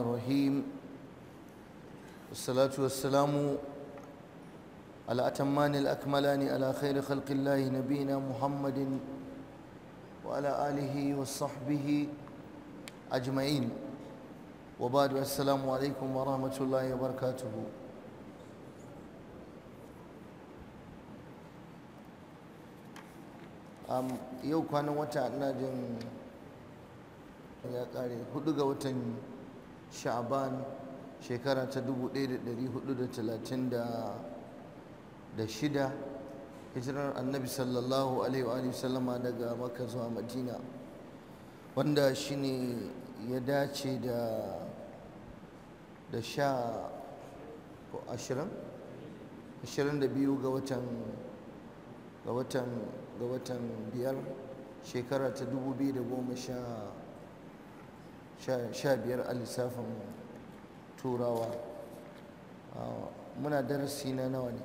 الرحيم والصلاة والسلام على أتمان الأكملان على خير خلق الله نبينا محمد وعلى آله وصحبه أجمعين وبعد السلام عليكم ورحمة الله وبركاته yau kwanan wata ina jin ya kare hudu ga watan sha'ban shekara ta 1436 hijirar annabi sallallahu alaihi wa salama daga makka zuwa madina wanda shine ya dace da da sha ashirin ashirin da biyu ga watan ga watan ga watan biyar shekara ta dubu biyu da goma sha sha biyar a lissafin turawa ah, muna darasi na nawa ne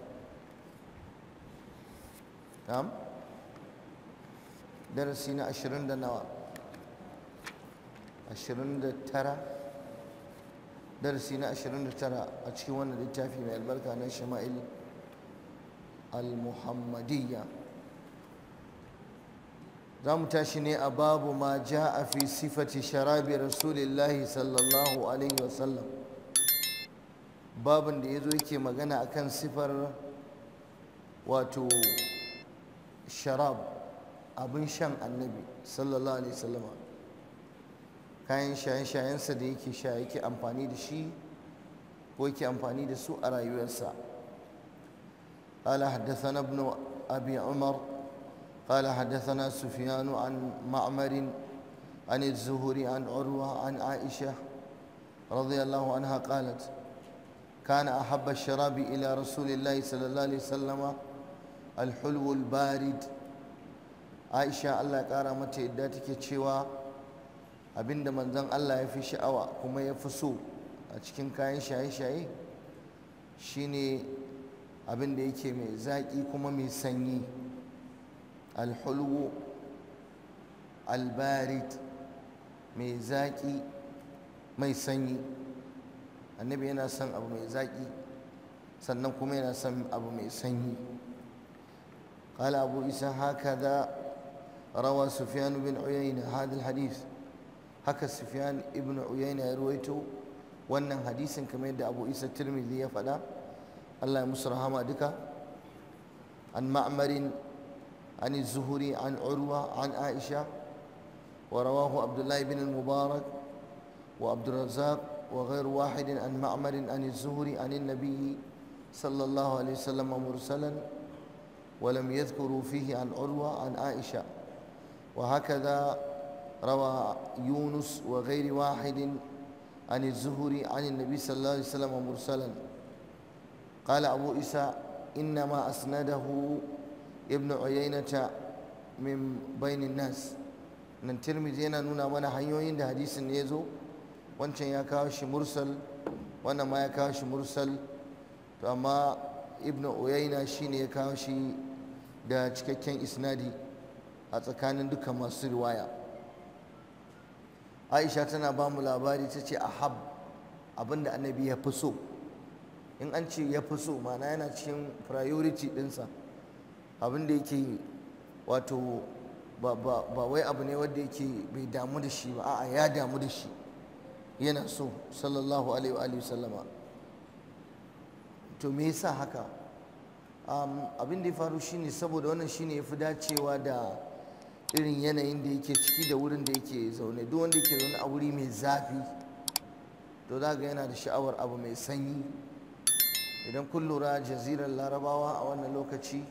na'am darasi na ashirin da nawa ashirin da tara darasi na ashirin da tara a cikin wannan littafi mai albarka na shama'il al-muhammadiyya za mu tashi ne a babu ma ja a fi sifati sharabi rasulillahi sallallahu alaihi wasallam babin da ya zo yake magana akan sifar wato sharab abin shan annabi sallallahu alaihi wasallama kayan shayen-shayensa da yake sha yake amfani da shi ko yake amfani da su a rayuwarsa قال حدثنا ابن أبي عمر قال حدثنا سفيان عن معمر عن الزهري عن عروة عن عائشة رضي الله عنها قالت كان أحب الشراب إلى رسول الله صلى الله عليه وسلم الحلو البارد عائشة الله كرمت إداتك تشوى abinda manzon Allah ya fi sha'awa kuma ya fi so a cikin kayan shaye-shaye shine abinda yake mai zaƙi kuma mai sanyi alhulwu albarid mai zaƙi mai sanyi annabi yana son abu mai zaƙi sannan kuma yana son abu mai sanyi قال أبو إسحاق هكذا روى سفيان بن عيينة هذا الحديث هكا سفيان ابن عيينة ruwaito, wannan hadisin kamar yadda Abu Isa Tirmidhi ya faɗa Allah ya musu rahama duka an ma'marin عن الزهري عن عروة عن عائشة ورواه عبد الله بن المبارك وعبد الرزاق وغير واحد عن معمر عن الزهري عن النبي صلى الله عليه وسلم مرسلا ولم يذكروا فيه عن عروة عن عائشة وهكذا روى يونس وغير واحد عن الزهري عن النبي صلى الله عليه وسلم مرسلا قال أبو إسحاق إنما أسنده ibn uyainata min bainin nas nan tirmidhi yana nuna mana hanyoyin da hadisin ne ya zo wancan ya kawo shi mursal wannan ma ya kawo shi mursal to amma ibn uyaina shine ya kawo shi da cikakken isnadi a tsakanin duka masu riwaya aisha tana ba mu labari ta ce ahab abinda annabi ya fi so in an ce ya fi so ma'ana yana cikin priority ɗinsa abin da yake wato ba wai abu ne wanda yake bai damu da shi ba a'a ya damu da shi yana so sallallahu alaihi wa sallama to me yasa haka abin da ya faru shine saboda wannan shine yafi dacewa da irin yanayin da yake ciki da wurin da yake zaune duk wanda yake zaune a wuri mai zafi to za ga yana da sha'awar abu mai sanyi idan kun lura jazirar larabawa a wannan lokaci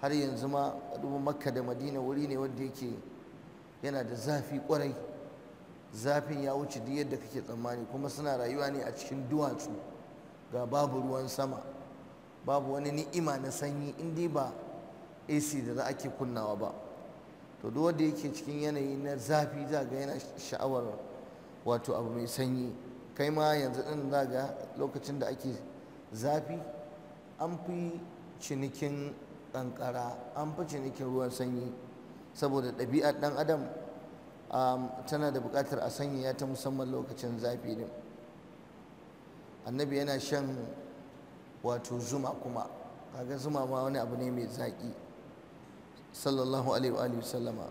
har yanzu ma dubin makka da madina wuri ne wanda yake yana da zafi kwarai zafin ya wuce duk yadda kake tsammani kuma suna rayuwa ne a cikin duwatsu ga babu ruwan sama babu wani ni'ima na sanyi in dai ba AC da za ake kunnawa ba to duk wanda yake cikin yanayi na zafi za ga yana sha'awar wato abu mai sanyi kai ma yanzu din za ga lokacin da ake zafi an fi cinikin Ƙanƙara an fi cinikin ruwan sanyi saboda ɗabi'ar ɗan adam um, tana da buƙatar a sanyaya ta musamman lokacin zafi ne annabi yana shan wato zuma kuma kaga zuma ma wani abu ne mai zaƙi sallallahu alaihi wa sallama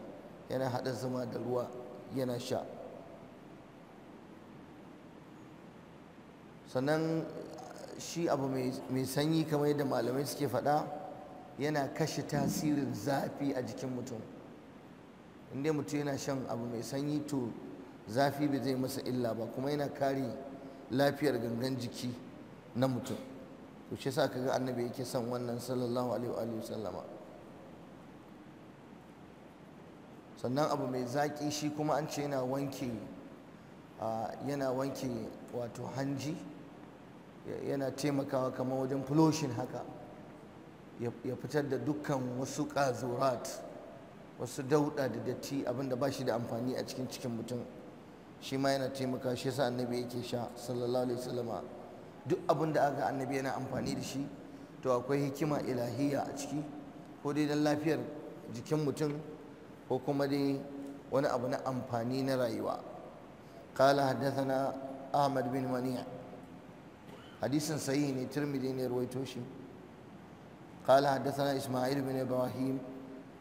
yana haɗa zuma da ruwa yana sha sannan shi abu mai sanyi kamar yadda malamai suke faɗa yana kashe tasirin zafi a jikin mutum inda mutum yana shan abu mai sanyi to zafi bai zai masa illa ba kuma yana kare lafiyar gangan jiki na mutum to shi sa kaga annabi yake son wannan sallallahu alaihi wa sallama sannan abu mai zaki shi kuma an ce yana wanke yana wanke wato hanji yana taimakawa kamar wajen fuloshin haka ya fitar da dukkan wasu ƙazurat wasu dauɗa da datti abinda ba shi da amfani a cikin cikin mutum shi ma yana taimaka shi yasa annabi yake sha sallallahu alaihi wasallama duk abinda da aka annabi yana amfani da shi to akwai hikima ilahiya a ciki ko dai don lafiyar jikin mutum ko kuma dai wani abu na amfani na rayuwa haddasa na Ahmad bin منيع hadisin sahihi ne Tirmidhi ne ruwaito shi قال حدثنا إسماعيل بن إبراهيم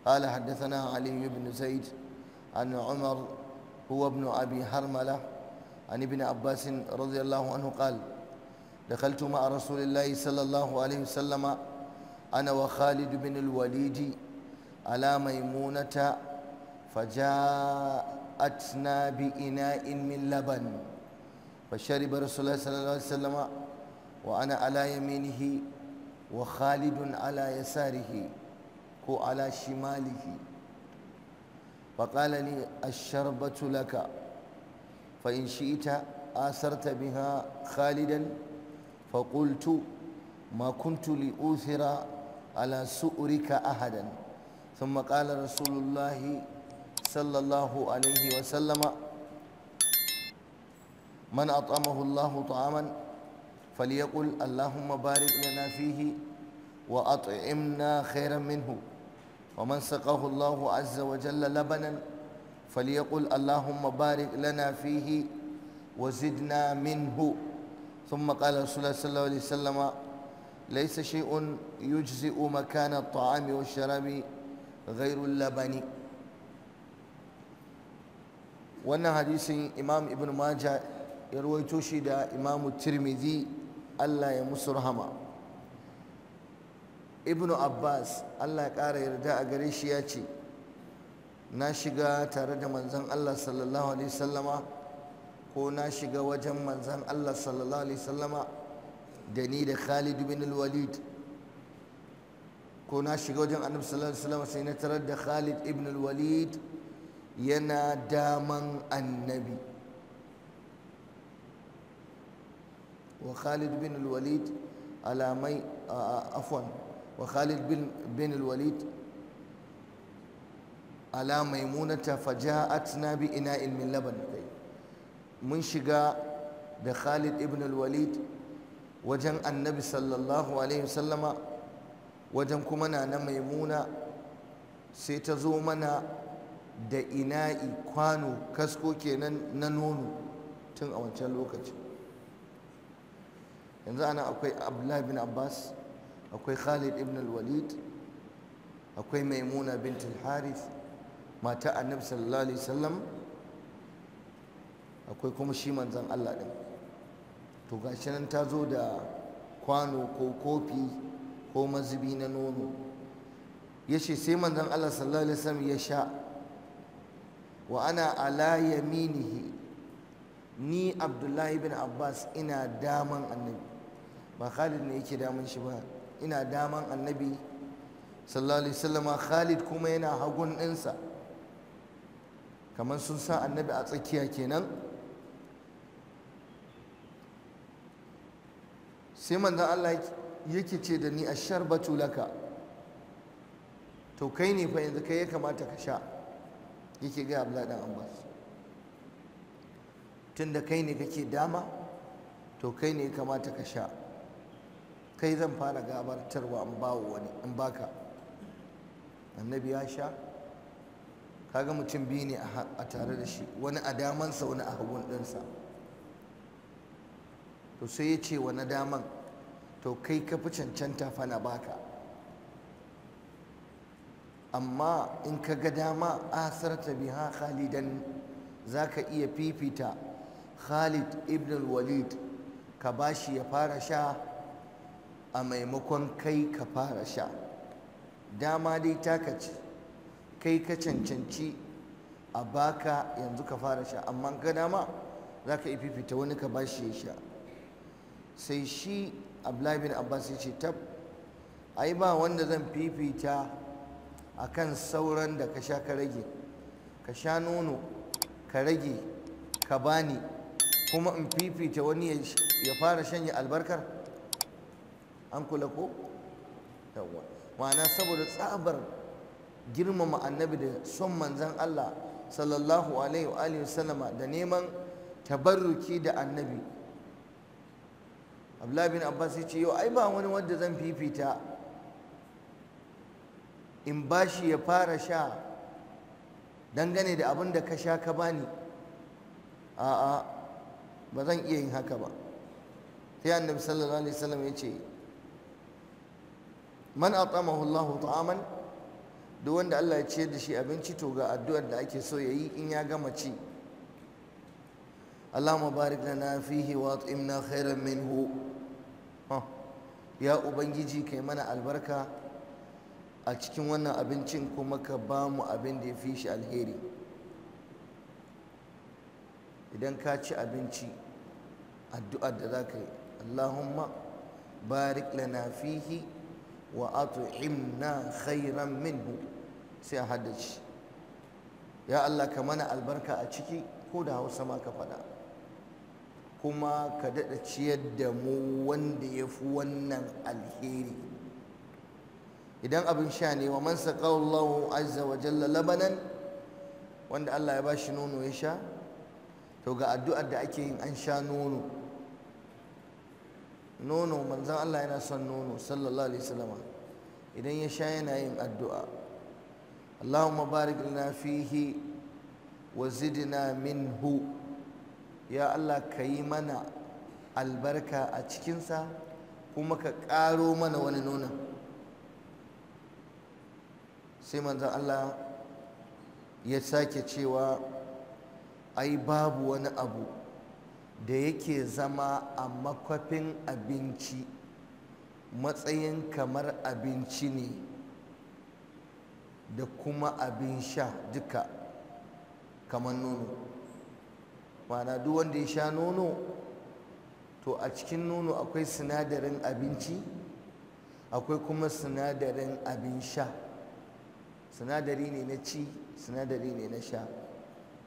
قال حدثنا علي بن زيد عن عمر هو ابن أبي هرملة عن ابن عباس رضي الله عنه قال دخلت مع رسول الله صلى الله عليه وسلم أنا وخالد بن الوليد على ميمونة فجاءتنا بإناء من لبن فشرب رسول الله صلى الله عليه وسلم وأنا على يمينه wa khalidun ala yasarihi ko ala shimalihi faƙala ni asharbatu laka fa in shi'ita asarta biha khalidan fa qultu ma kuntu li uthira ala su'rika ahadan ثم قال رسول الله صلى الله عليه وسلم من أطعمه الله طعاما فليقل اللهم بارك لنا فيه وأطعمنا خيرا منه ومن سقاه الله عز وجل لبنا فليقل اللهم بارك لنا فيه وزدنا منه ثم قال رسول الله صلى الله عليه وسلم ليس شيء يجزئ مكان الطعام والشراب غير اللبن wannan hadisin imam ibn maja ya ruwaito shi da imam tirmidhi Allah ya musu rahama ibnu abbas Allah ya ƙara yarda a gare shi ya ce na shiga tare da manzan Allah sallallahu alaihi sallama ko na shiga wajen manzan Allah sallallahu alaihi sallama da ni da Khalid bin al-Walid ko na shiga wajen annabi sallallahu alaihi sallama sai na tarar da Khalid ibn al-Walid yana daman annabi wa Khalid bin al-Walid alamai afwan wa Khalid bin al-Walid ala maimunata faja'atna bi ina'in min laban kai mun shiga da Khalid ibn al-Walid wajen annabi sallallahu alaihi wasallama wajen kuma na na maimuna sai ta zo mana da ina'i kwano kasko kenan na nono tun a wancan lokacin yanzu ana akwai abdullahi bin abbas akwai khalid ibn al-walid akwai maimuna bint al-harith mata annabi sallallahu alaihi wasallam akwai kuma shi manzon Allah din to gashi nan ta zo da kwano ko kofi ko mazubi na nono yace sai manzon Allah sallallahu alaihi wasallam ya sha wa ana ala yaminihi ni abdullahi bin abbas ina daman annabi ba Khalid ne yake damun shi ba ina daman annabi sallallahu alaihi wasallam Khalid kuma yana hagun ɗinsa kamar sun sa annabi a tsakiya kenan sai manzon Allah yake ce da ni asharbatu laka to kai ne fa yanzu kai ya kamata ka sha yake ga abla dan Abbas tunda kai ne kake dama to kai ne ya kamata ka sha kai zan fara gabatarwa in ba wani in baka annabi ya sha kaga mutum biyu ne a tare da shi wani a damansa wani a hagun ɗinsa to sai ya ce na daman to kai ka fi cancanta fana baka amma in ka ga dama asarta biha khalidan za ka iya fifita khalid ibn walid ka bashi ya fara sha a maimakon kai ka fara sha dama dai taka ce kai ka cancanci a baka yanzu ka fara sha amma ga dama za ka fifita wani ka ba shi ya sha sai shi abdullahi bin abbas ya ce tab ai ba wanda zan fifita a kan sauran da ka sha ka rage ka sha nono ka rage ka bani kuma in fifita wani ya fara shanye albarkar an kula ko yawwa ma'ana saboda tsabar girmama annabi da son manzan Allah sallallahu alaihi wa alihi wasallama da neman tabarruki da annabi Abdullahi bin Abbas ya ce yau ai ba wani wanda zan fifita in bashi ya fara sha dangane da abin da ka sha ka bani a'a ba zan iya yin haka ba sai annabi sallallahu alaihi wasallam ya ce man atamahu Allahu ta'aman duk wanda Allah ya ciyar da shi abinci to ga addu'ar da ake so yayi in ya gama ci Allahumma barik lana fihi wa at'imna khairan minhu ya ubangiji kai mana albarka a cikin wannan abincin kuma ka ba mu abin da ya fi shi alheri idan ka ci abinci addu'ar da za ka yi Allahumma barik lana fihi wa at'imna khairan minhu sai a haddace ya Allah ka mana albarka a ciki ko da Hausa ma ka faɗa kuma ka daɗa ciyar da mu wanda ya fi wannan alheri idan abin sha ne wa man saqallahu azza wa jalla labanan wanda Allah ya bashi nono ya sha to ga addu'ar da ake yin an sha nono nono manzan Allah yana son nono sallallahu alaihi wasallama idan ya sha yana yin addu'a Allahumma barik lana fihi wa zidna minhu ya Allah ka yi mana albarka a cikinsa kuma ka ƙaro mana wani nono. sai manzan Allah ya sake cewa ai babu wani abu da yake zama a makwafin abinci matsayin kamar abinci ne da kuma abin sha duka kamar nono mana duk wanda ya sha nono to a cikin nono akwai sinadarin abinci akwai kuma sinadarin abin sha sinadari ne na ci sinadari ne na sha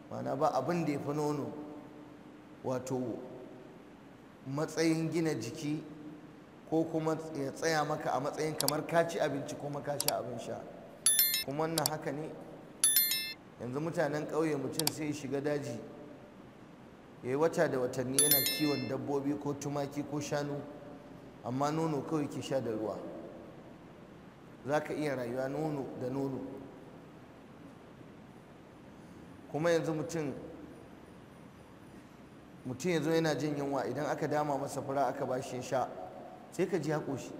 mana ba abin da ya fi nono wato matsayin gina jiki ko kuma ya tsaya maka a matsayin kamar ka ci abinci kuma ka sha abin sha kuma wannan haka ne yanzu mutanen ƙauye mutum sai ya shiga daji ya yi wata da watanni yana kiwon dabbobi ko tumaki ko shanu amma nono kawai ke sha da ruwa za ka iya rayuwa nono da nono kuma yanzu mutum mutum ya zo yana jin yunwa idan aka dama masa fura aka ba shi sha sai ka ji ya ƙoshi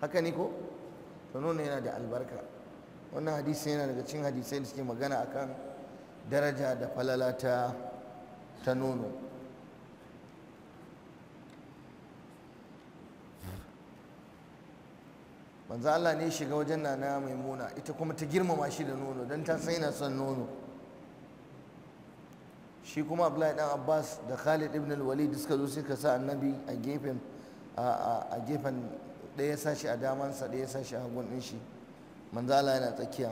haka ne ko to nono yana da albarka wannan hadisi yana daga cikin hadisai da suke magana a kan daraja da falala ta ta nono manzo Allah ne shiga wajen nana maimuna ita kuma ta girmama shi da nono don ta san yana son nono shi kuma abdullahi dan abbas da khalid ibn al-walid suka zo suka sa annabi a gefen a gefen ɗaya sashi a damansa ɗaya sashi a hagun ɗin shi manzo Allah yana tsakiya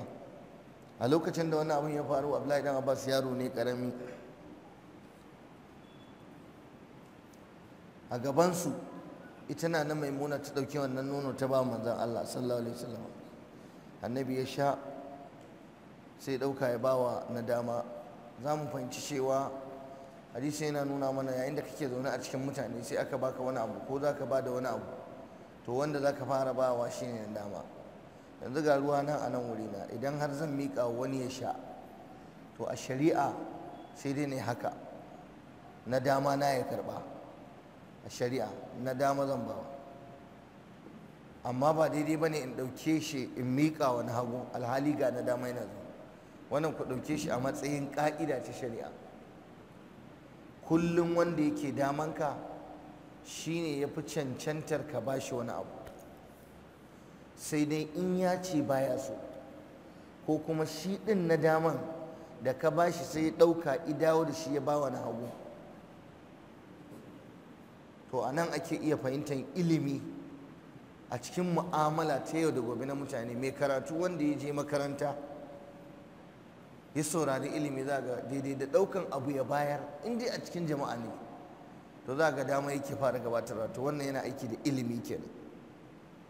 a lokacin da wannan abin ya faru abdullahi dan abbas yaro ne karami a gabansu ita na nan maimuna ta ɗauki wannan nono ta ba manzo Allah sallallahu alaihi wasallam annabi ya sha sai ɗauka ya bawa na dama za mu fahimci cewa hadisi yana nuna mana yayin da kake zaune a cikin mutane sai aka baka wani abu ko za ka ba da wani abu to wanda za ka fara bawa shi ne dama yanzu ga ruwa nan a nan wurina idan har zan miƙa wani ya sha to a shari'a sai dai ne haka na dama na ya karɓa a shari'a na dama zan bawa amma ba daidai ba ne in ɗauke shi in miƙa wani hagu alhali ga na dama yana zuwa wannan ku ɗauke shi a matsayin ƙa'ida ta shari'a kullum wanda yake damanka shine ya fi cancantar ka ba shi wani abu sai dai in ya ce baya so ko kuma shi ɗin na daman da ka ba shi sai ya ɗauka idawo da shi ya ba wani hagu to a nan ake iya fahimtar ilimi a cikin mu'amala ta yau da gobe na mutane mai karatu wanda ya je makaranta ya saurari ilimi za ga daidai da ɗaukan abu ya bayar in dai a cikin jama'a ne to za ga dama yake fara gabatar to wannan yana aiki da ilimi kenan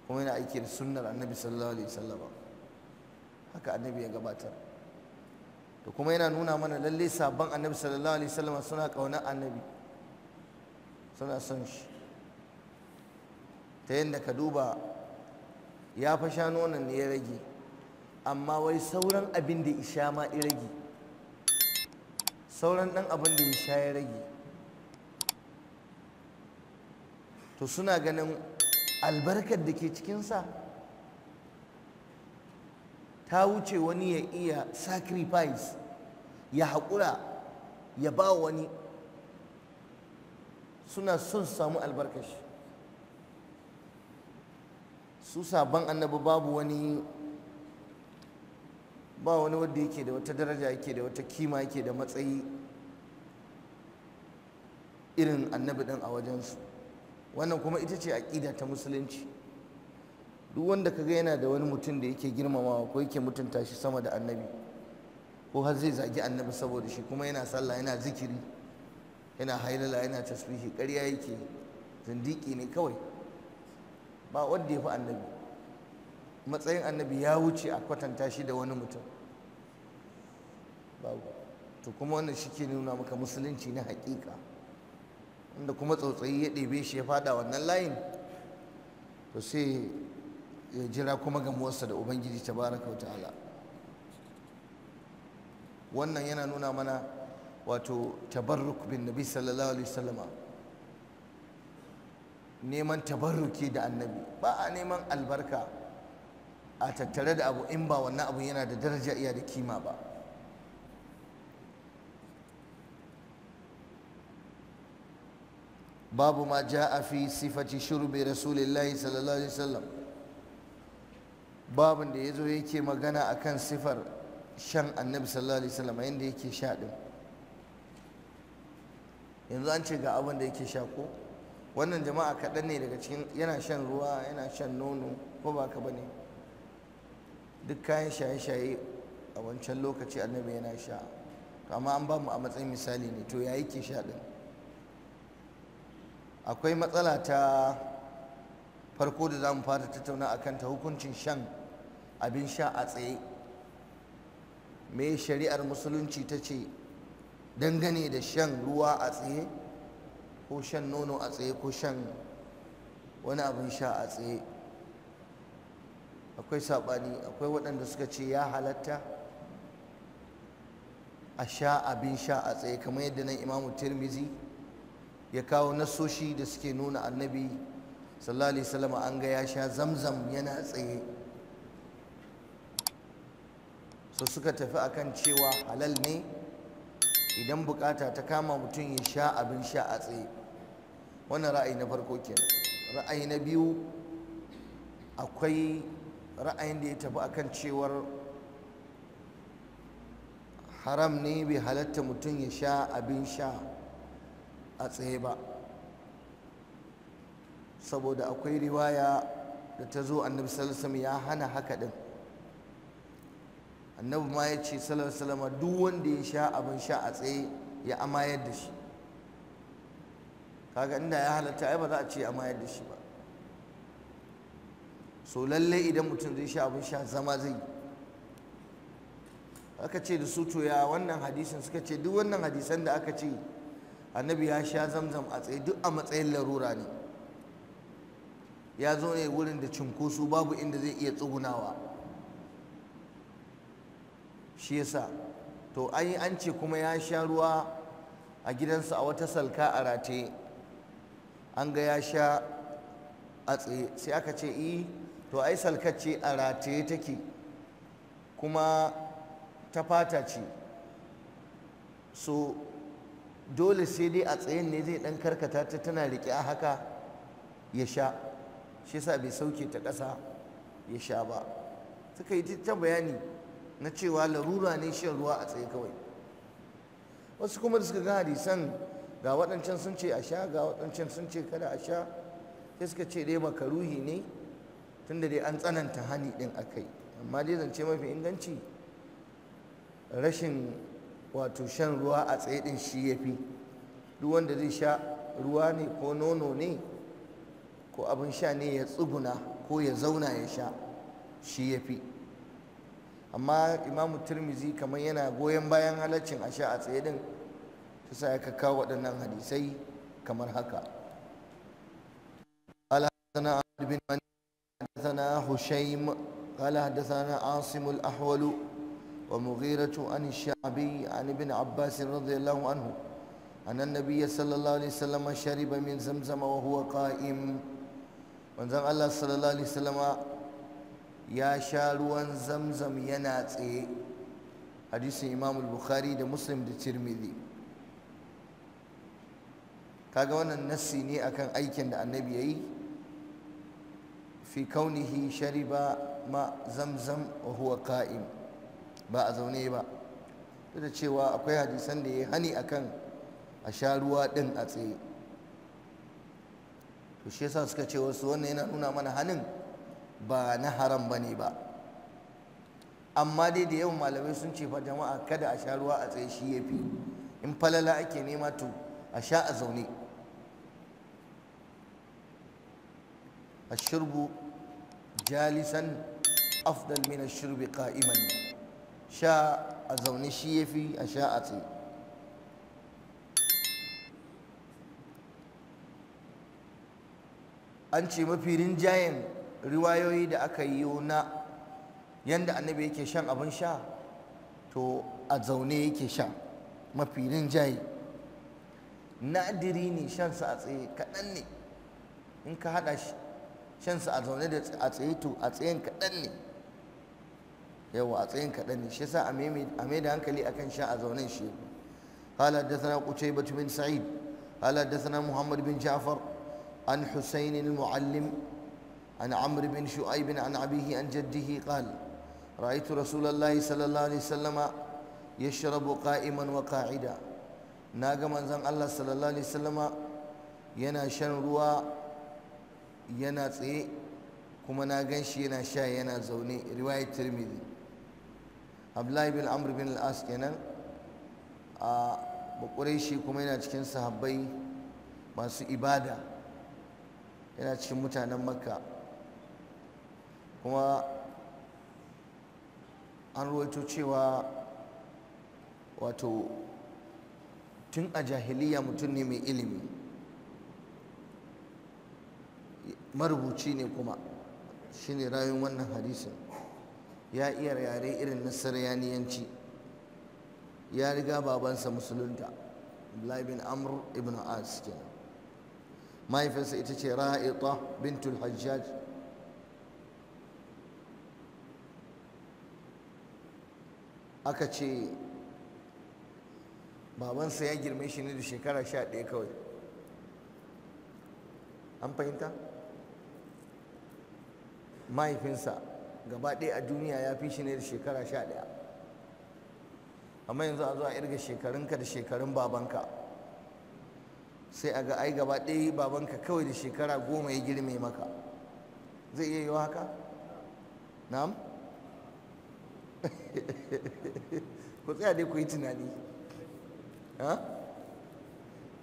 kuma yana aiki da sunnar annabi sallallahu alaihi wasallam haka annabi ya gabatar to kuma yana nuna mana lalle sabon annabi sallallahu alaihi wasallam suna kauna annabi suna son shi ta yadda ka duba ya fa shanu wannan ne ya rage amma wai sauran abin da isha ma ya rage sauran ɗan abin da isha ya rage to suna ganin albarkar da ke cikinsa ta wuce wani ya iya sacrifice ya haƙura ya ba wani suna son samu albarkashi su sabon annabi babu wani ba wani wanda yake da wata daraja yake da wata kima yake da matsayi irin annabi din a wajensu wannan kuma ita ce aƙida ta musulunci duk wanda kaga yana da wani mutum da yake girmamawa ko yake mutunta shi sama da annabi ko har zai zagi annabi saboda shi kuma yana sallah yana zikiri yana hailala yana tasbihi ƙarya yake zindiki ne kawai ba wanda ya fi annabi matsayin annabi ya wuce a kwatanta shi da wani mutum babu to kuma wannan shi ke nuna maka musulunci na haƙiƙa wanda kuma tsautsayi ya ɗebe shi ya fada wannan layin to sai ya jira kuma gamuwarsa da ubangiji ta baraka wa ta'ala wannan yana nuna mana wato tabarruk bin nabi sallallahu alaihi wasallama neman tabarruki da annabi ba a neman albarka a tattare da abu in ba wannan abu yana da daraja iya da kima ba babu ma a fi sifati shurbi rasulillahi sallallahu alaihi wasallam babu da yazo yake magana akan sifar shan annabi sallallahu alaihi wasallam yadda yake sha din yanzu an ce ga abin da yake sha ko wannan jama'a kaɗan ne daga cikin yana shan ruwa yana shan nono ko ba ka ne duk kayan shaye-shaye a wancan lokaci annabi yana sha amma an ba mu a matsayin misali ne to ya yake sha din akwai matsala ta farko da za mu fara tattauna a kanta hukuncin shan abin sha a tsaye me shari'ar musulunci ta ce dangane da shan ruwa a tsaye ko shan nono a tsaye ko shan wani abin sha a tsaye akwai saɓani akwai waɗanda suka ce ya halatta a sha abin sha a tsaye kamar yadda nan imamu tirmizi ya kawo nasoshi da suke nuna annabi sallallahu alaihi wasallam an ga ya sha zamzam yana tsaye so suka tafi akan cewa halal ne idan bukata ta kama mutum ya sha abin sha a tsaye wannan ra'ayi na farko kenan ra'ayi na biyu akwai ra'ayin da ya tafi akan cewar haram ne bai halatta mutum ya sha abin sha a tsaye ba saboda akwai riwaya da ta zo annabi sallallahu ya hana haka din annabi ma ya ce sallallahu duk wanda ya sha abin sha a tsaye ya amayar da shi kaga inda ya halatta ai ba za a ce amayar da shi ba so lallai idan mutum zai sha abin sha zama zai aka ce da su to ya wannan hadisin suka ce duk wannan hadisan da aka ce annabi ya sha zamzam a tsaye duk a matsayin larura ne ya zo ne wurin da cunkoso babu inda zai iya tsugunawa shi yasa to an yi an ce kuma ya sha ruwa a gidansa a wata salka a rataye an ga ya sha a tsaye sai aka ce i to ai salka ce a rataye take kuma ta fata ce so dole sai dai a tsayen ne zai dan karkata ta tana rike a haka ya sha shi yasa bai sauke ta ƙasa ya sha ba suka yi ta bayani na cewa larura ne shan ruwa a tsaye kawai wasu kuma da suka ga hadisan ga waɗancan sun ce a sha ga waɗancan sun ce kada a sha sai suka ce dai makaruhi ne tunda dai an tsananta hani ɗin akai amma dai zance mafi inganci rashin wato shan ruwa a tsaye din shi ya fi duk wanda zai sha ruwa ne ko nono ne ko abin sha ne ya tsuguna ko ya zauna ya sha shi ya fi amma imamu turmizi kamar yana goyon bayan halaccin a sha a tsaye din ta sa ya kawo waɗannan hadisai kamar haka قال حدثنا هشيم قال حدثنا عاصم الأحول ومغيرة عن الشعبي عن ابن عباس رضي الله عنه أن النبي صلى الله عليه وسلم شرب من زمزم وهو قائم manzon Allah sallallahu alaihi wasallama ya sha ruwan zamzam yana tsaye hadisin Imam al-Bukhari da Muslim da Tirmidhi kaga wannan nassi ne akan aikin da annabi yayi fi kaunihi shariba ma zamzam ba a zaune ba duk da cewa akwai hadisan da ya hani akan a sha ruwa din a tsaye to shi yasa suka ce wasu wannan yana nuna mana hanin ba na haram ba ne ba amma dai da yawan malamai sun ce fa jama'a kada a sha ruwa a tsaye shi ya fi in falala ake nema to a sha a zaune الشرب جالسا أفضل من الشرب قائما sha a zaune shi ya fi a sha a tsaye an ce mafi rinjayen riwayoyi da aka yi na yadda annabi yake shan abin sha to a zaune yake sha mafi rinjaye nadiri ne shansa a tsaye kaɗan ne in ka haɗa shansa a zaune da a tsaye to a tsayen kaɗan ne Yau a tsayin kaɗan ne shi yasa a mai da hankali akan sha a zaunin shi hala da sana kucai batu bin sa'id hala da sana bin jafar an husainin mu'allim an amr bin shu'ai bin an abihi an jaddihi qal ra'aytu sallallahu alaihi wasallama yashrabu qa'iman wa qa'ida naga manzon allah sallallahu alaihi wasallama yana shan ruwa yana tsaye kuma na ganshi yana sha yana zaune riwaya tirmidhi abdullahi bin amr bin al-as kenan a shi kuma yana cikin sahabbai masu ibada yana cikin mutanen makka kuma an ruwaito cewa wato tun a jahiliya mutum ne mai ilimi marubuci ne kuma shine rayuwar wannan hadisin ya iya yare irin na sarayaniyanci ya riga babansa musulunta Abdullahi bin Amr ibn As kenan mahaifinsa ita ce Ra'ita bintul Hajjaj aka ce babansa ya girme shi ne da shekara sha ɗaya kawai an fahimta mahaifinsa gaba ɗaya a duniya ya fi shi ne da shekara sha ɗaya amma yanzu a zuwa irga shekarunka da shekarun babanka sai a ga ai gaba ɗaya babanka kawai da shekara goma ya girme maka zai iya yiwa haka na'am ku tsaya dai ku yi tunani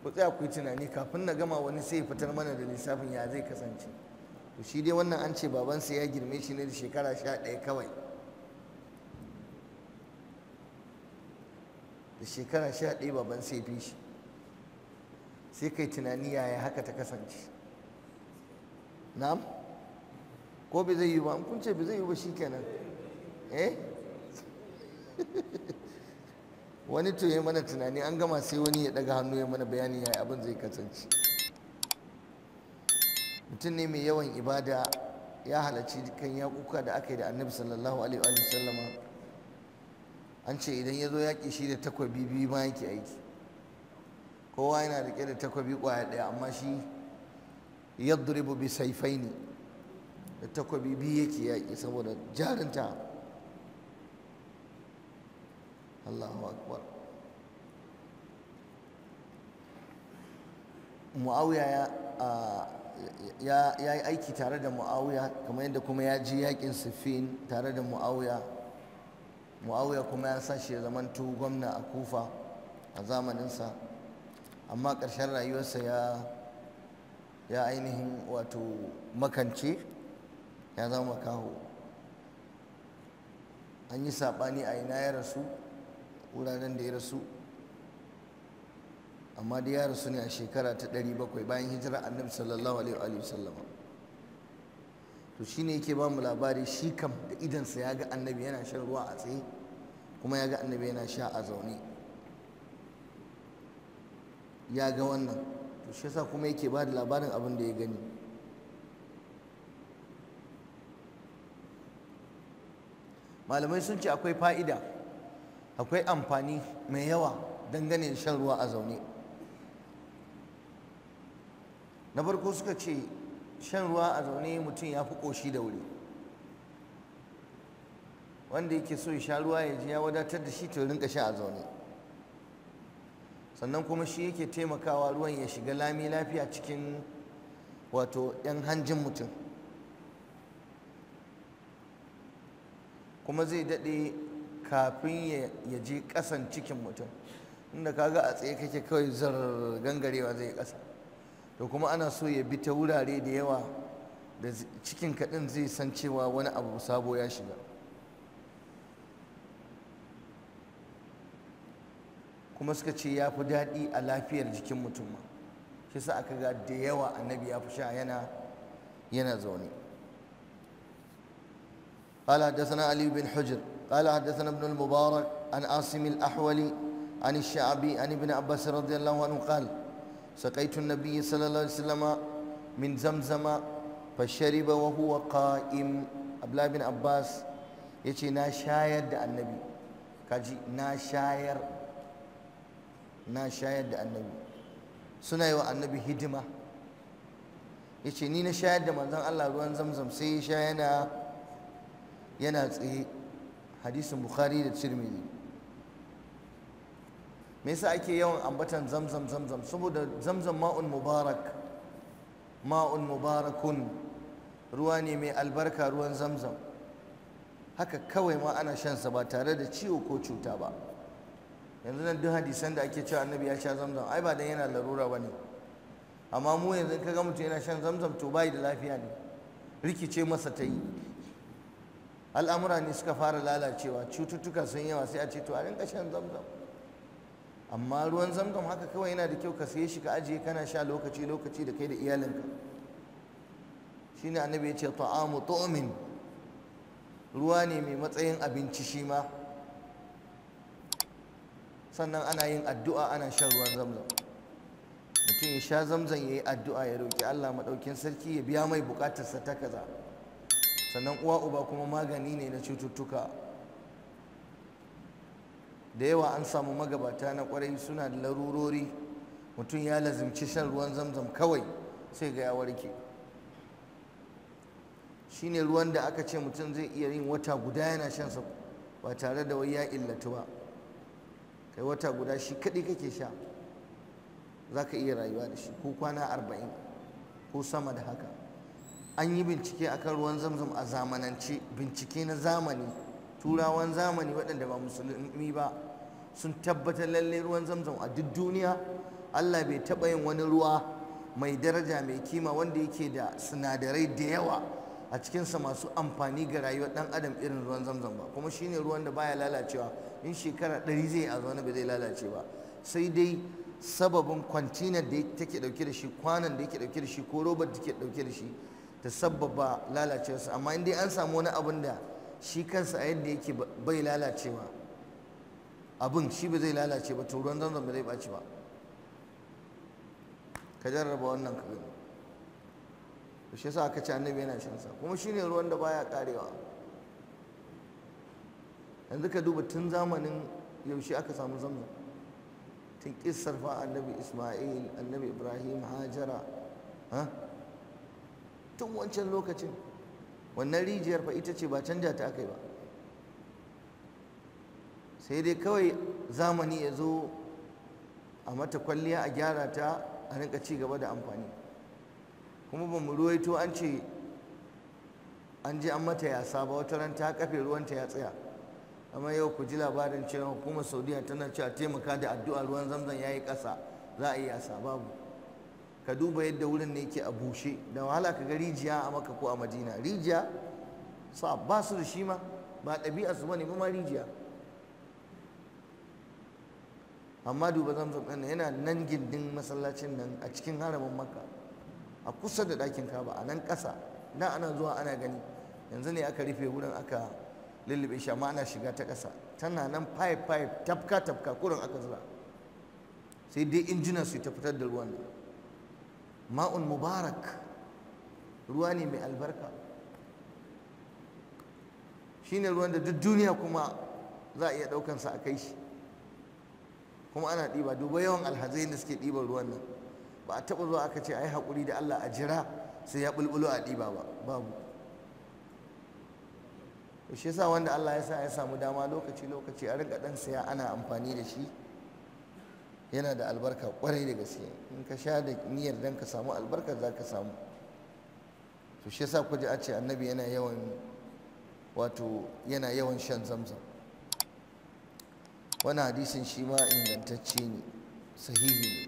ku tsaya ku yi tunani kafin na gama wani sai fitar mana da lissafin ya zai kasance to shi dai wannan an ce babansa ya girme shi ne da shekara sha ɗaya kawai da shekara sha ɗaya babansa ya fi shi sai kai tunani yaya haka ta kasance na'am ko bai zai yi ba kun ce bai zai yi ba shikenan eh wani to ya mana tunani an gama sai wani ya daga hannu ya mana bayani yaya abin zai kasance mutum ne mai yawan ibada ya halarci dukkan yakuka da aka yi da annabi sallallahu alaihi wa sallam an ce idan ya zo yaƙi shi da takwabi biyu ma yake aiki kowa yana riƙe da takwabi ƙwaya ɗaya amma shi duribu bi ne da takwabi biyu yake yaƙi saboda jarinta Allahu akbar muawiya ya ya yi aiki tare da muawiya kamar yadda kuma ya ji yakin siffin tare da muawiya muawiya kuma ya sa shi ya zamanto gwamna a kufa a zamaninsa amma ƙarshen rayuwarsa ya ya ainihin wato makance ya zama makaho an yi saɓani a ina ya rasu wuraren da ya rasu amma da ya rasu ne a shekara ta 700 bayan hijira annabi sallallahu alaihi wa sallama to shine yake ba mu labari shi kam da idansa ya ga annabi yana shan ruwa a tsaye kuma ya ga annabi yana sha a zaune ya ga wannan to shi yasa kuma yake ba da labarin abin da ya gani malamai sun ce akwai fa'ida akwai amfani mai yawa dangane da shan ruwa a zaune na farko suka ce shan ruwa a zaune mutum ya fi ƙoshi da wuri wanda yake so ya sha ruwa ya ji ya wadatar da shi to rinka sha a zaune sannan kuma shi yake taimakawa ruwan ya shiga lami lafiya cikin wato 'yan hanjin mutum kuma zai daɗe kafin ya je ƙasan cikin mutum inda kaga a tsaye kake kawai zargangarewa zai kasa. to kuma ana so ya bi ta wurare da yawa da cikin kaɗin zai san cewa wani abu sabo ya shiga kuma suka ce ya fi daɗi a lafiyar jikin mutum ma shi sa aka ga da yawa annabi ya fi sha yana yana zaune قال حدثنا علي بن حجر قال حدثنا ابن المبارك عن عاصم الأحولي عن الشعبي عن ابن عباس رضي الله عنه قال سقيت النبي صلى الله عليه وسلم من زمزم فشرب وهو قائم abdullahi bin abbas ya na shayar da annabi kaji na shayar da annabi suna yi wa annabi hidima yace ni na shayar da manzon allah ruwan zamzam sai ya sha yana yana tsaye hadisin bukhari da tirmidhi me yasa ake yawan ambatan zamzam zamzam saboda zamzam ma'un mubarak ma'un mubarakun ruwa ne mai albarka ruwan zamzam haka kawai ma ana shansa ba tare da ciwo ko cuta ba yanzu nan duk hadisan da ake cewa annabi ya sha zamzam ai ba dan yana larura ba ne amma mu yanzu kaga mutum yana shan zamzam to bai da lafiya ne rikice masa ta yi al'amura ne suka fara lalacewa cututtuka sun yawa sai a ce to a rinka shan zamzam amma ruwan zamzam haka kawai yana da kyau ka saye shi ka ajiye kana sha lokaci lokaci da kai da iyalinka shi ne annabi ya ce ta'amu tu'min ruwa ne mai matsayin abinci shi ma sannan ana yin addu'a ana shan ruwan zamzam mutum ya sha zamzam ya yi addu'a ya roƙi Allah maɗaukin sarki ya biya mai buƙatarsa ta kaza sannan uwa uba kuma magani ne na cututtuka da yawa an samu magabata na kwarai suna da larurori mutum ya lazimci shan ruwan zamzam kawai sai ga ya warke ne ruwan da aka ce mutum zai iya yin wata guda yana shan sa ba tare da wai ya illatu ba kai wata guda shi kaɗai kake sha za ka iya rayuwa da shi ko kwana arba'in ko sama da haka an yi bincike akan ruwan zamzam a zamanance bincike na zamani turawan zamani waɗanda ba musulmi ba sun tabbatar lallai ruwan zamzam a duk duniya Allah bai taɓa yin wani ruwa mai daraja mai kima wanda yake da sinadarai da yawa a cikinsa masu amfani ga rayuwar ɗan adam irin ruwan zamzam ba kuma shine ruwan da baya lalacewa in shekara ɗari zai a zaune ba zai lalace ba sai dai sababin kwantinar da take ɗauke da shi kwanan da yake dauke da shi ko robar da ke ɗauke da shi ta sababa lalacewarsa amma in dai an samu wani abun da shi kansa a yadda yake bai lalacewa abin shi ba zai lalace ba to ruwan zamzam ba zai ɓaci ba ka jarraba wannan ka gani to shi yasa aka ce annabi yana shan sa kuma shi ne ruwan da baya karewa yanzu ka duba tun zamanin yaushe aka samu zamzam tun kissar fa annabi Isma'il annabi Ibrahim Hajara ha tun wancan lokacin wannan rijiyar fa ita ce ba canja ta aka yi ba sai dai kawai zamani ya zo a mata kwalliya a gyara ta a rinka ci gaba da amfani kuma ba mu ruwaito an ce an je an mata yasa ba wata ran ta kafe ruwanta ya tsaya amma yau ku ji labarin cewa hukumar saudiya tana cewa taimaka da addu'a ruwan zamzam ya yi ƙasa za a yi yasa babu ka duba yadda wurin ne yake a bushe da wahala ka ga rijiya a maka ko a madina rijiya ba su da shi ma ba ɗabi'a su ba ba ma rijiya amma duba zamzam ɗin yana nan gindin masallacin nan a cikin haramin makka a kusa da ɗakin kaba a nan ƙasa na ana zuwa ana gani yanzu ne aka rufe wurin aka lullube shi amma ana shiga ta ƙasa tana nan pipe pipe tafka tafka kurin aka zura sai dai injinan su ta fitar da ruwan ma'un mubarak ruwa ne mai albarka shine ruwan da duk duniya kuma za a iya ɗaukansa a kai shi kuma ana ɗiba duba yawan alhazai da suke ɗiban ruwan nan ba a taɓa zuwa aka ce a yi haƙuri da Allah a jira sai ya bulbulo a ɗiba ba babu to shi yasa wanda Allah ya sa ya samu dama lokaci lokaci a riƙa ɗan saya ana amfani da shi yana da albarka kwarai da gaske in ka sha da niyyar dan ka samu albarka za ka samu to shi yasa ku ji a ce annabi yana yawan wato yana yawan shan zamzam وانا حديث شماء ان تتشيني صحيح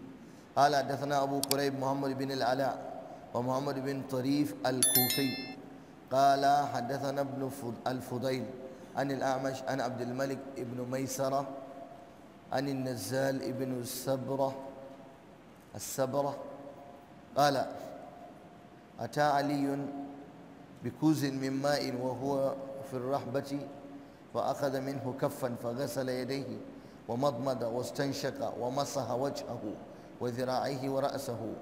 قال حدثنا أبو قريب محمد بن العلاء ومحمد بن طريف الكوفي قال حدثنا ابن الفضيل عن الأعمش عن عبد الملك ابن ميسرة عن النزال ابن السبرة السبرة قال أتى علي بكوز من ماء وهو في الرحبة فأخذ منه كفا فغسل يديه ومضمض واستنشق ومسح وجهه وذراعيه ورأسه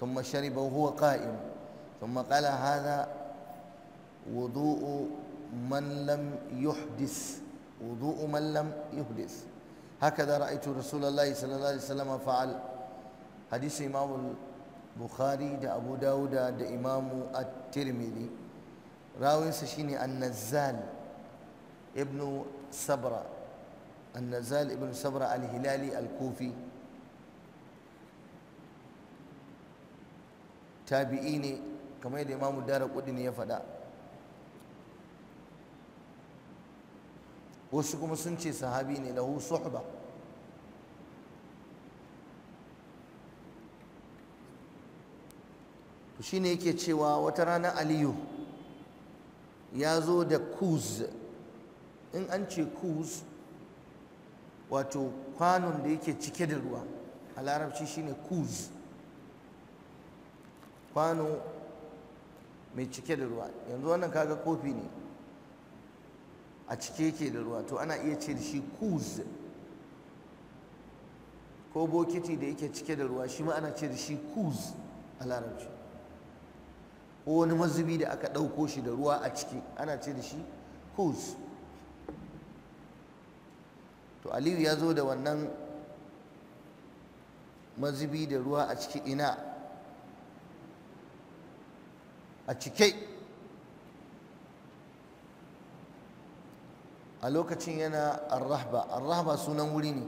ثم شرب وهو قائم ثم قال هذا وضوء من لم يحدث وضوء من لم يحدث هكذا رأيت رسول الله صلى الله عليه وسلم فعل حديث إمام البخاري دا أبو داود دا إمام الترمذي راوي سشيني النزال ابن سبرة النزال ابن سبرة الهلالي الكوفي tabi'i ne kamar yadda imamu dara ne ya faɗa wasu kuma sun ce sahabi ne lahu suhba to shine yake cewa wata rana aliyu ya zo da kuz in an ce kuz wato kwanon da yake cike da ruwa a larabci shine kuz kwano mai cike da ruwa yanzu wannan kaga kofi ne a cike yake da ruwa to ana iya ce da shi kuz ko bokiti da yake cike da ruwa shi ma ana ce da shi kuz a larabci ko wani mazubi da aka ɗauko shi da ruwa a ciki ana ce da shi kuz to aliyu ya zo da wannan mazubi da ruwa a ciki ina a cike a lokacin yana arrahba arrahba sunan wuri ne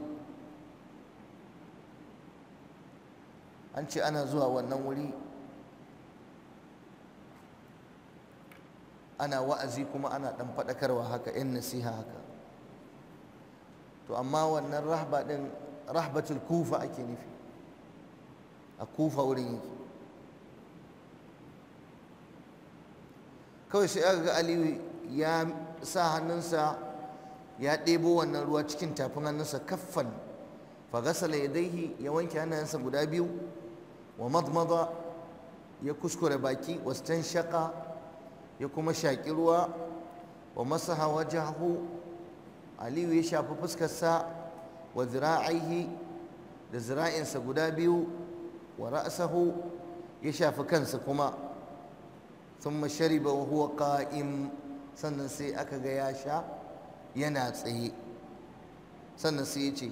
an ce ana zuwa wannan wuri ana wa'azi kuma ana ɗan faɗakarwa haka 'yan nasiha haka to amma wannan rahba din rahbatul kufa ake nufi a kufa wurin yake kawai sai aka ga aliyu ya sa hannunsa ya ɗebo wannan ruwa cikin tafin hannunsa kaffan fagasala yadaihi ya wanke hannayensa guda biyu wa madmada ya kuskure baki wastan shaka ya kuma shaƙi ruwa wa masaha wajahu aliyu ya shafi fuskarsa wa zira'ihi da zira'insa guda biyu wa ra'asahu ya shafi kansa kuma thumma shariba wa huwa qa'im sannan sai aka ga ya sha yana tsaye sannan sai ya ce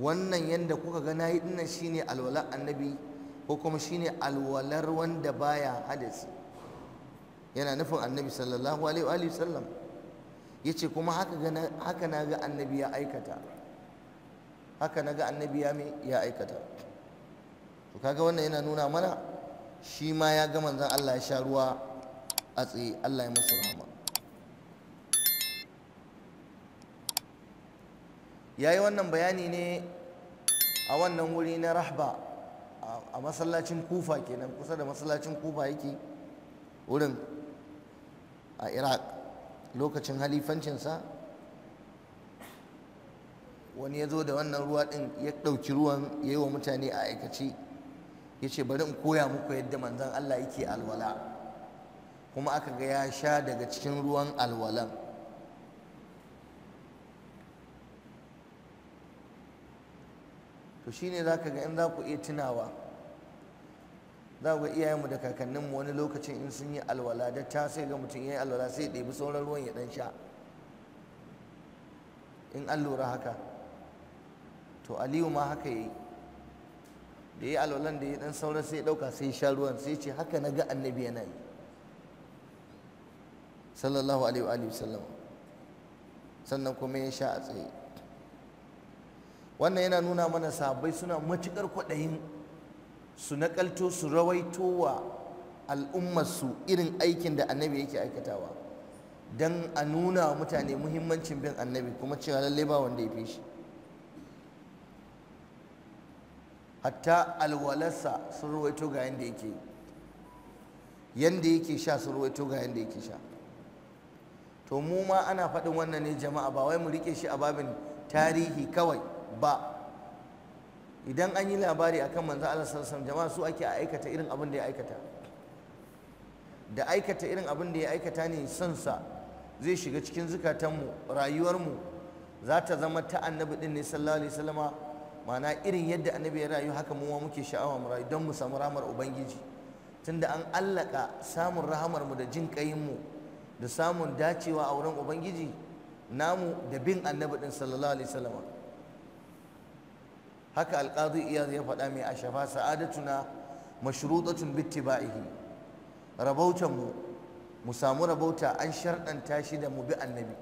wannan yadda kuka ga nayi dinnan shine alwalar annabi ko kuma shine alwalar wanda baya hadasi yana nufin annabi sallallahu alaihi wa sallam ya ce kuma haka na ga annabi ya aikata haka na ga annabi ya ya aikata to kaga wannan yana nuna mana shi ma ya ga manzan Allah ya sha ruwa a tsaye Allah ya masa rahama ya yi wannan bayani ne a wannan wuri na rahba a masallacin kufa kenan kusa da masallacin kufa yake wurin a iraq lokacin halifancinsa wani ya zo da wannan ruwa ɗin ya ɗauki ruwan ya yi wa mutane a aikace ya ce bari in koya muku yadda manzan Allah yake alwala kuma aka ga ya sha daga cikin ruwan alwalan to shine za ka ga in za ku iya tunawa za ga iyayenmu da kakanninmu wani lokacin in sun yi alwala da ta sai ga mutum yayi alwala sai ɗebi sauran ruwan ya ɗan sha in an lura haka to aliyu ma haka yi da yi alwalan da ya ɗan sauran sai ya ɗauka sai sha ruwan sai ce haka na ga annabi yana yi sallallahu alaihi wa sallam sannan kuma ya sha a tsaye wannan yana nuna mana sabai suna matukar kwaɗayin su nakalto su rawaito wa al'ummarsu irin aikin da annabi yake aikatawa don a nuna wa mutane muhimmancin bin annabi kuma cewa lallai ba wanda ya fi shi hatta alwalarsa sun rawaito ga yadda yake yadda yake sha sun rawaito ga yadda yake sha to mu ma ana faɗin wannan ne jama'a ba wai mu rike shi a babin tarihi kawai ba idan an yi labari a kan manzo Allah sallallahu jama'a su ake aikata irin abin da ya aikata da aikata irin abin da ya aikata ne son sa zai shiga cikin zukatanmu rayuwarmu za ta zama ta annabi din ne sallallahu alaihi wasallama ma'ana irin yadda annabi ya rayu haka mu muke sha'awa mu rayu don mu samu rahmar ubangiji tunda an allaka samun rahmar mu da jin mu da samun dacewa a wurin ubangiji namu da bin annabi din sallallahu alaihi wasallam haka alƙadi iyaz ya faɗa mai ashafa sa'adatuna mashrutatun bittiba'ihi rabautan mu mu samu rabauta an sharɗanta shi da mu bi annabi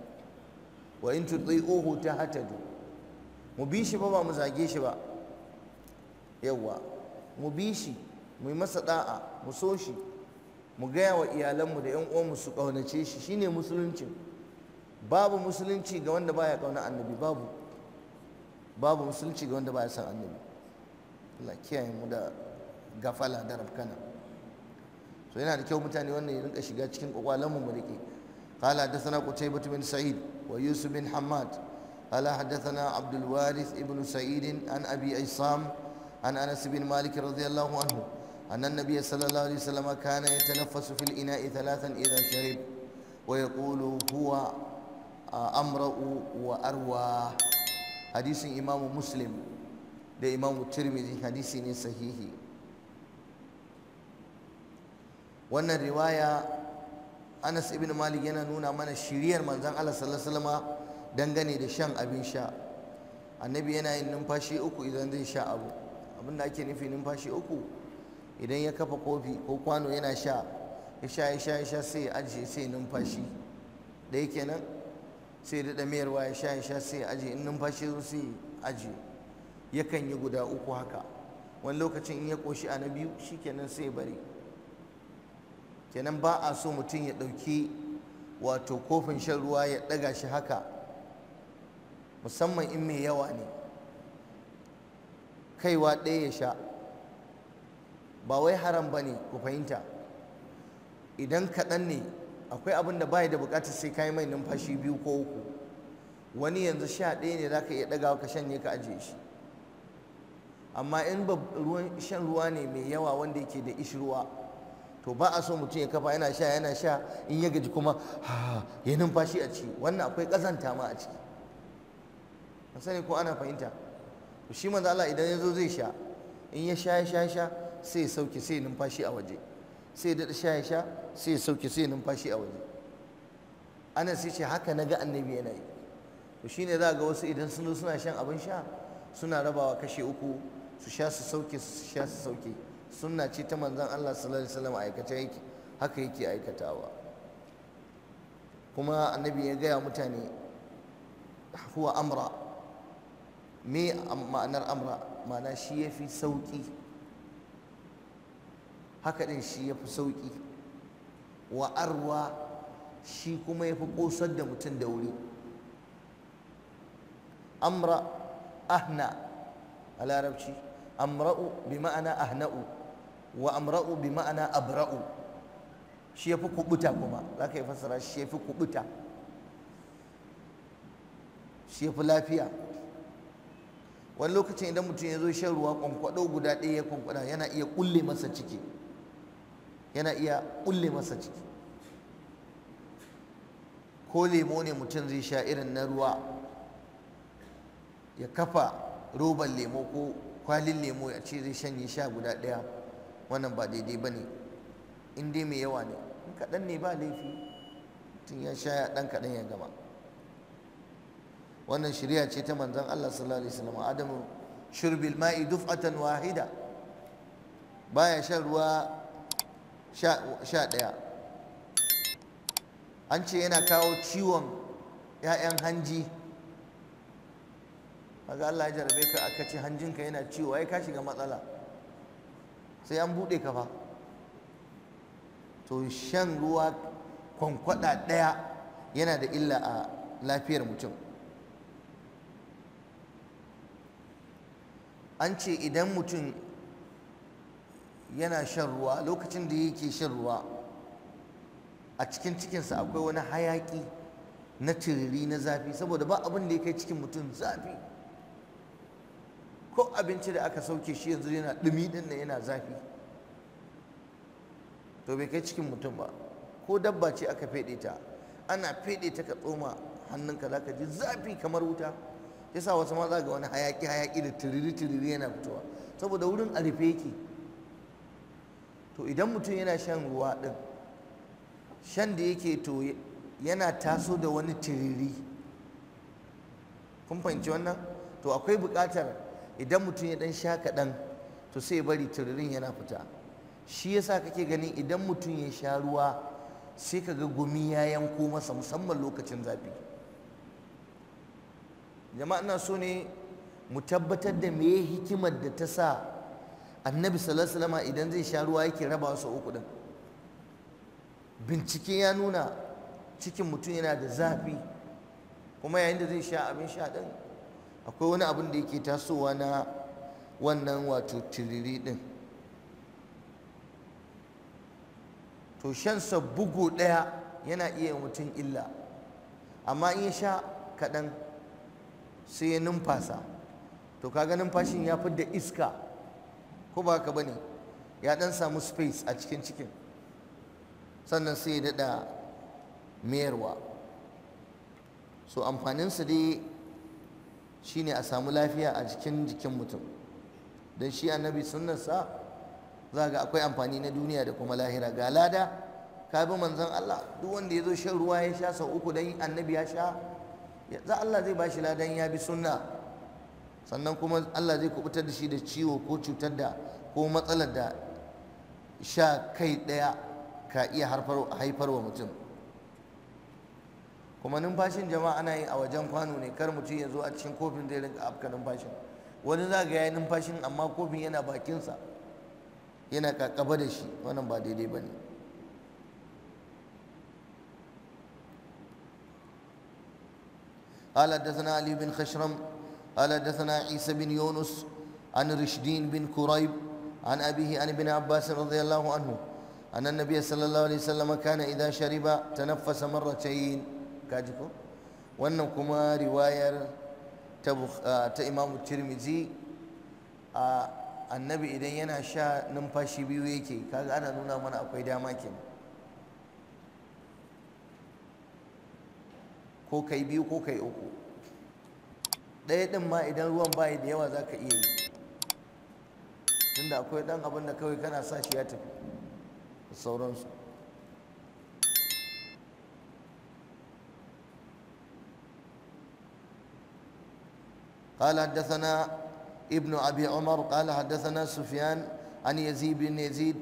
wa in tuti'uhu tahtadu mu bi shi ba ba mu zage shi ba yawa mu bi shi mu yi masa da'a mu so shi mu gaya wa iyalanmu da yan uwanmu su ƙaunace shi shine musulunci babu musulunci ga wanda baya ƙauna annabi babu babu musulunci ga wanda ba ya san annabi Allah kiyaye mu da gafala da rafkana so yana da kyau mutane wannan ya rinka shiga cikin kwakwalan mu rike قال حدثنا قتيبة بن سعيد ويوسف بن حماد قال حدثنا عبد الوارث ابن سعيد عن أبي عصام عن أنس بن مالك رضي الله عنه أن النبي صلى الله عليه وسلم كان يتنفس في الإناء ثلاثا إذا شرب ويقول هو أمرأ وأروى hadisin imamu muslim da imamu tirmidhi hadisi ne sahihi wannan riwaya anas ibn malik yana nuna mana shiriyar manzan allah sallallahu dangane da shan abin sha annabi yana yin numfashi uku idan zai sha abu abin da ake nufi numfashi uku idan ya kafa kofi ko kwano yana sha ya sha ya sha ya sha sai ya ajiye sai numfashi da yake nan sai da mayar ya sha ya sha sai ya aje in numfashi zo sai aje yakan yi guda uku haka wani lokacin in ya ƙoshi a na biyu shi kenan sai ya bari kenan ba a so mutum ya ɗauki wato kofin shan ruwa ya ɗaga shi haka musamman in mai yawa ne kaiwa ɗaya ya sha ba wai haram ba ne ku fahimta idan kaɗan ne akwai abin da bai da bukatar sai kayi mai numfashi biyu ko uku wani yanzu sha ɗaya ne zaka iya ɗagawa ka shanye ka ajiye shi amma in ruwan shan ruwa ne mai yawa wanda yake da ruwa to ba a so mutum ya kafa yana sha yana sha in ya gaji kuma ya numfashi a ciki wannan akwai kazanta ma a ciki an sani ko ana fahimta to shi manzo Allah idan ya zo zai sha in ya sha ya sha sai ya sauke sai ya numfashi a waje sai da sha ya sha sai ya sauke sai numfashi a waje ana sai ce haka na ga annabi yana yi to shine za ga wasu idan sun zo suna shan abin sha suna rabawa kashe uku su sha su sauke su sha su sauke sunna ce ta manzon Allah sallallahu alaihi wasallam aikata yake haka yake aikatawa kuma annabi ya gaya mutane huwa amra me ma'anar amra ma'ana shi yafi sauki haka ɗin shi ya fi sauƙi wa arwa shi kuma ya fi ƙosar da mutum da wuri amra ahna a larabci amra'u bi ma'ana ahna'u wa amra'u bi ma'ana abra'u shi ya fi kubuta kuma Za ka yi fassara shi ya fi kubuta shi ya fi lafiya wani lokacin idan mutum ya zo shan ruwa kwankwado guda ɗaya ya kwankwada yana iya kulle masa ciki yana iya kulle masa ciki ko lemo ne mutum zai sha irin na ruwa ya kafa roban lemo ko kwalin lemo ya ce zai shanye sha guda ɗaya wannan ba daidai ba ne in dai mai yawa ne in kaɗan ne ba laifi tun ya sha ya ɗan kaɗan ya gama wannan shirya ce ta manzon Allah sallallahu alaihi wasallam adamu shurbil ma'i duf'atan wahida baya shan ruwa sha ɗaya an ce yana kawo ciwon 'ya'yan hanji kaga Allah ya jarabe ka aka ce hanjinka yana ciwo ai ka shiga matsala sai an buɗe ka fa to shan ruwa kwankwada ɗaya yana da illa a lafiyar mutum an ce idan mutum yana shan ruwa lokacin da yake shan ruwa a cikin cikinsa akwai wani hayaƙi na tiriri na zafi saboda ba abin da ya kai cikin mutum zafi ko abinci da aka sauke shi yanzu yana ɗumi ɗin nan yana zafi to bai kai cikin mutum ba ko dabba ce aka feɗe ta ana feɗe ta ka tsoma hannunka za ka ji zafi kamar wuta yasa wasu ma za ga wani hayaƙi hayaƙi da tiriri tiriri yana fitowa saboda wurin a rufe yake to idan mutum yana shan ruwa ɗin shan da yake to yana taso da wani tiriri kun fahimci wannan to akwai buƙatar idan mutum ya ɗan sha kaɗan to sai ya bari tiririn yana fita shi yasa kake ganin idan mutum ya sha ruwa sai ka ga gumi ya yanko masa musamman lokacin zafi jama'a na so ne mu tabbatar da me hikimar da ta sa annabi sallallahu alaihi idan zai sha ruwa yake raba su uku din bincike ya nuna cikin mutum yana da zafi kuma yayin da zai sha abin sha din akwai wani abin da yake tasowa na wannan wato tiriri din to shan sa bugu ɗaya yana iya mutum illa amma in ya sha kaɗan sai ya numfasa to kaga numfashin ya fi da iska ko ba haka bane ya dan samu space a cikin cikin sannan sai ya daɗa mayarwa so amfaninsa dai shine a samu lafiya a cikin jikin mutum don shi annabi sunnarsa za ga akwai amfani na duniya da kuma lahira ga lada ka bi manzon Allah duk wanda ya zo shan ruwa ya sha sau uku dan annabi ya sha za Allah zai ba shi ladan ya bi sunna sannan kuma Allah zai kubutar da shi da ciwo ko cutar da ko matsalar da sha kai ɗaya ka iya haifar wa mutum kuma numfashin jama'a ana yi a wajen kwano ne kar mutum ya zo a cikin kofin zai rinka afka numfashin wani za ga ya numfashin amma kofin yana bakinsa yana kakaba da shi wannan ba daidai ba ne قال حدثنا علي بن خشرم قال حدثنا عيسى بن يونس عن رشدين بن كريب عن أبيه عن ابن عباس رضي الله عنه أن النبي صلى الله عليه وسلم كان إذا شرب تنفس مرتين كاجكو وأنكما رواية تبخ... تإمام الترمذي annabi idan yana sha numfashi biyu yake kaga ana nuna mana akwai dama kenan ko kai biyu ko kai uku ɗaya ɗin ma idan ruwan bayi da yawa za ka iya yi tunda akwai ɗan abin da kawai kana sa shi ya tafi da sauransu قال حدثنا ابن أبي عمر قال حدثنا سفيان عن يزيد بن يزيد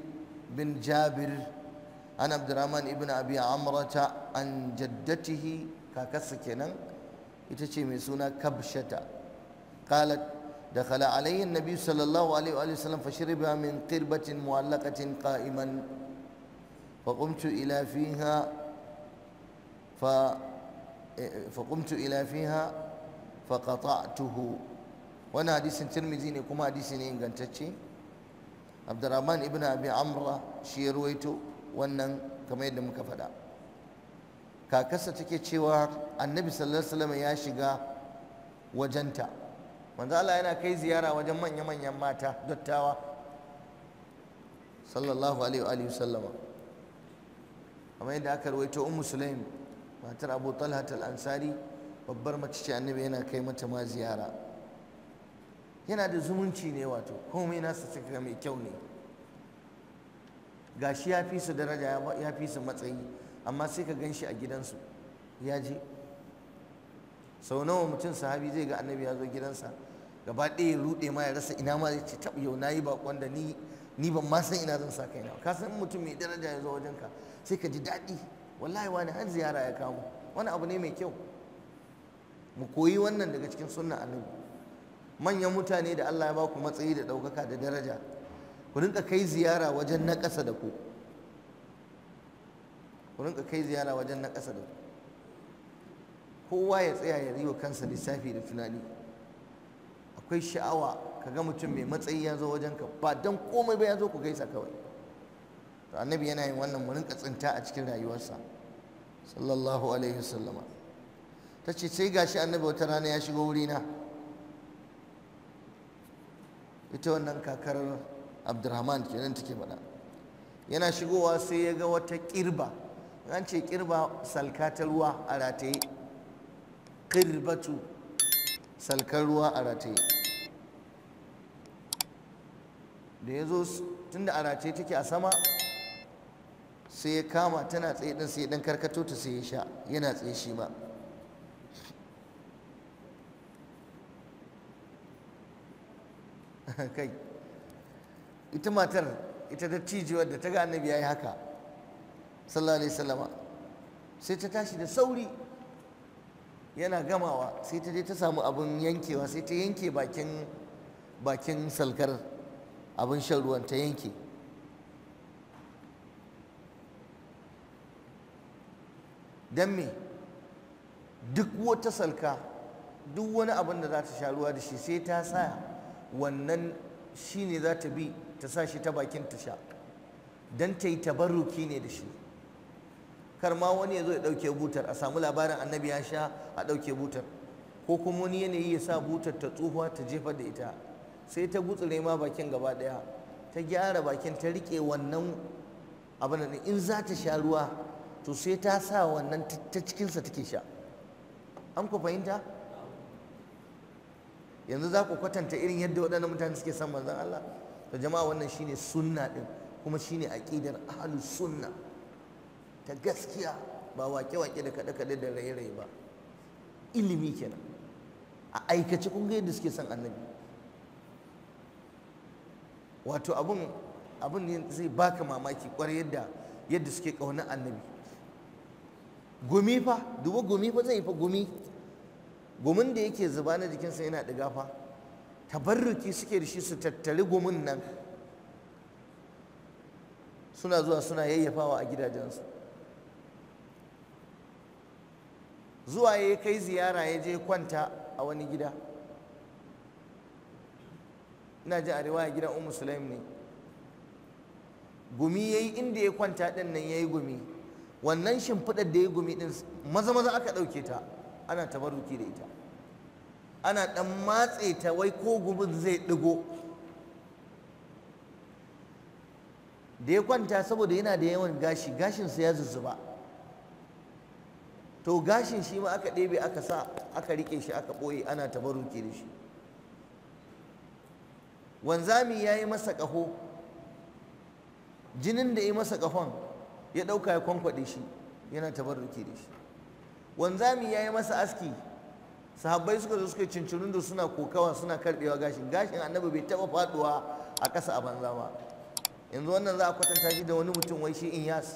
بن جابر عن عبد الرحمن ابن أبي عمرة عن جدته كاكس ita ce mai suna kabshata qalat dakhala alayhi an-nabi sallallahu alaihi wa sallam fashriba min qirbatin mu'allaqatin qa'iman فقمت إلى فيها ف... فقمت إلى فيها فقطعته وانا حديث الترمذي كما حديث ingantacce Abdurrahman ibn Abi Amra shi ruwaito wannan kamar yadda muka faɗa kakarsa take cewa annabi sallallahu alaihi wasallam ya shiga wajenta manzo Allah yana kai ziyara wajen manya-manyan mata dattawa sallallahu alaihi wa sallama kamar yadda aka rawaito ummu sulaim matar abu talha al-ansari babbar mace ce annabi yana kai mata ma ziyara yana da zumunci ne wato komai nasa suka mai kyau ne gashi ya fi su daraja ya fi su matsayi amma sai ka gan shi a gidansu ya je sau nawa mutum sahabi zai ga annabi ya zo gidansa gaba ɗaya ruɗe ma ya rasa ina ma zai ce tabu yau na yi bakon da ni ni ban ma san ina zan sa kai na. ka san mutum mai daraja ya zo wajenka sai ka ji daɗi wallahi wani har ziyara ya kawo? wani abu ne mai kyau mu koyi wannan daga cikin sunnan annabi manyan mutane da Allah ya ba ku matsayi da ɗaukaka da daraja ku rinka kai ziyara wajen na ƙasa da ku ku rinka kai ziyara wajen na ƙasa da kowa ya tsaya ya yi wa kansa lissafi da tunani akwai sha'awa ka ga mutum mai matsayi ya zo wajen ka ba don komai ba ya zo ku gaisa kawai to annabi yana yin wannan mu rinka tsinta a cikin rayuwarsa sallallahu alaihi wasallama ta ce sai gashi annabi wata rana ya shigo wurina ita wannan kakar abdurrahman kenan take faɗa yana shigowa sai ya ga wata ƙirba an ce kirba salka ta ruwa a rataye kirbatu salkar ruwa a rataye da ya zo tun da a rataye take a sama sai ya kama tana tsaye ɗin sai dan karkato ta sai ya sha yana tsaye shi ma kai ita matar ita da da ta ga annabi yi haka sallallahu alaihi wasallama sai ta tashi da sauri yana gamawa sai ta je ta samu abin yankewa sai ta yanke bakin bakin salkar abin shan ruwan ta yanke don me duk wata salka duk wani abin da za ta sha ruwa da shi sai ta sa wannan shi ne za ta bi ta sa shi ta bakin ta sha don ta yi tabarruki ne da shi kar ma wani ya zo ya dauke butar a samu labarin annabi ya sha a ɗauke butar ko kuma wani yanayi ya sa butar ta tsufa ta jefa da ita sai ta gutsure ma bakin gaba ɗaya ta gyara bakin ta riƙe wannan abin da in za ta sha ruwa to sai ta sa wannan ta cikinsa take sha an ku fahimta yanzu za ku kwatanta irin yadda waɗannan mutane suke son manzon Allah to jama'a wannan shine sunna din kuma shine aqidar ahlus sunna ta gaskiya ba wake-wake da kaɗe-kaɗe da raye-raye ba ilimi kenan a aikace kun ga yadda suke son annabi wato abin abin ne zai baka mamaki kwarai yadda yadda suke ƙaunar annabi gumi fa duba gumi fa zai fa gumi gumin da yake zuba na jikinsa yana ɗiga fa tabarruki suke da shi su tattali gumin nan suna zuwa suna yayyafawa a gidajensu zuwa ya kai ziyara ya je kwanta a wani gida ina ji a riwaya gidan umu sulaim ne gumi ya yi inda ya kwanta ɗin nan ya yi gumi wannan shimfiɗar da ya yi gumi ɗin maza maza aka ɗauke ta ana tabarruki da ita ana ɗan matse ta wai ko gumin zai ɗigo da ya kwanta saboda yana da yawan gashi gashinsa ya zuzzuba to gashin shi ma aka ɗebe aka sa aka riƙe shi aka ɓoye ana tabaruki da shi wanzami ya yi masa ƙaho jinin da ya masa ƙahon ya ɗauka ya kwankwaɗe shi yana tabaruki da shi wanzami ya yi masa aski sahabbai suka zo suka cincinu da suna kokawa suna karɓewa gashin gashin annabi bai taɓa faɗuwa a ƙasa a banza ba yanzu wannan za a kwatanta shi da wani mutum wai shi in yas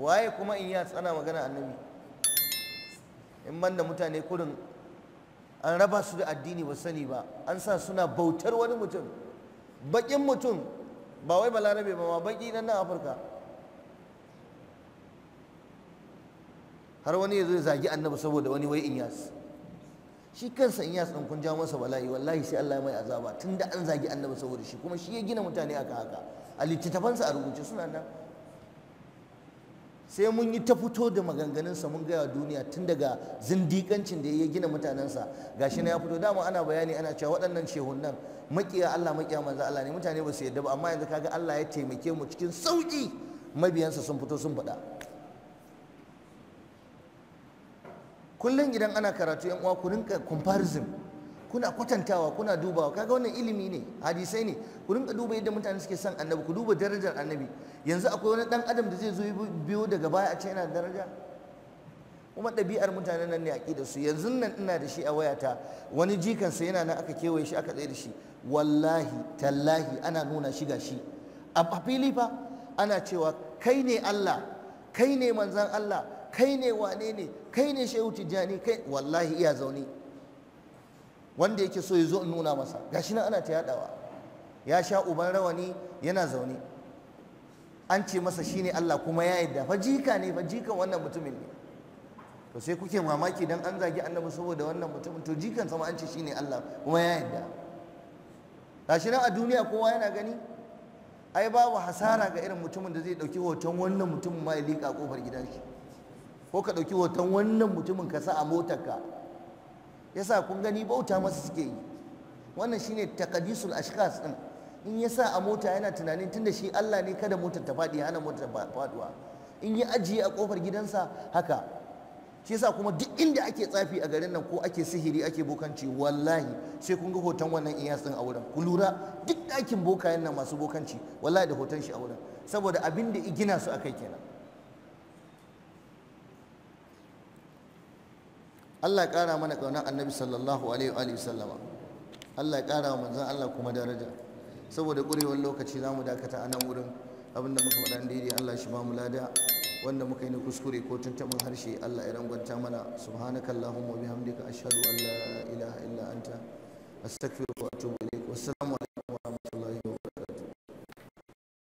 waye kuma in ya tsana magana annabi in ban da mutane kurin an raba su da addini ba sani ba an sa suna bautar wani mutum bakin mutum ba wai balarabe ba ma baki nan na afirka har wani ya zo ya zagi annabi saboda wani wai inyas shi kansa inyas ɗin kun masa bala'i wallahi sai Allah ya mai azaba tun da an zagi annabi saboda shi kuma shi ya gina mutane aka haka a littattafansa a rubuce suna nan sai mun yi ta fito da maganganunsa mun gaya duniya tun daga zindikancin da ya gina mutanensa gashi na ya fito dama ana bayani ana cewa waɗannan shehunan makiya Allah makiya manzo Allah ne mutane ba su yadda ba amma yanzu kaga Allah ya taimake mu cikin sauki mabiyansa sun fito sun faɗa kullum idan ana karatu yan uwa ku rinka comparison kuna kwatantawa kuna dubawa kaga wannan ilimi ne hadisai ne ku rinka duba yadda mutane suke son annabi ku duba darajar annabi yanzu akwai wani dan adam da zai zo biyo daga baya a ce yana daraja kuma ɗabi'ar mutanen nan ne aƙidar su yanzu nan ina da shi a wayata wani jikansa yana nan aka kewaye shi aka tsaye da shi wallahi tallahi ana nuna shi ga shi a fili fa ana cewa kai ne Allah kai ne manzan Allah kai ne wane ne kai ne shehu tijjani kai wallahi iya zaune wanda yake so ya zo in nuna masa gashi nan ana ta yadawa ya sha uban rawani yana zaune an ce masa shine Allah kuma ya yadda fa jika ne fa jikan wannan mutumin ne to sai kuke mamaki dan an zagi annabi saboda wannan mutumin to jikan sama an ce shine Allah kuma ya yadda gashi nan a duniya kowa yana gani ai babu hasara ga irin mutumin da zai dauki hoton wannan mutumin ma ya lika kofar gidan ko ka dauki hoton wannan mutumin ka sa a motarka. ka yasa kun gani bauta masu suke yi wannan shine takadisul ashkas din in ya sa a mota yana tunanin tunda shi Allah ne kada motar ta faɗi hana motar faɗuwa in yi ajiye a ƙofar gidansa haka shi yasa kuma duk inda ake tsafi a garin nan ko ake sihiri ake bokanci wallahi sai kun ga hoton wannan iyas din a wurin ku lura duk ɗakin bokayen nan masu bokanci wallahi da hoton shi a wurin saboda abin da igina su akai kenan Allah ya ƙara mana ƙaunar annabi sallallahu alaihi wa sallama Allah ya ƙara wa manzon Allah kuma daraja saboda ƙurewar lokaci za mu dakata a nan wurin abin da muka faɗa daidai Allah shi ba mu lada wanda muka yi na kuskure ko tuntuɓin harshe Allah ya rangwanta mana subhanaka allahumma bihamdika ashhadu an la ilaha illa anta astaghfiruka wa atubu ilaik wassalamu alaikum wa rahmatullahi wa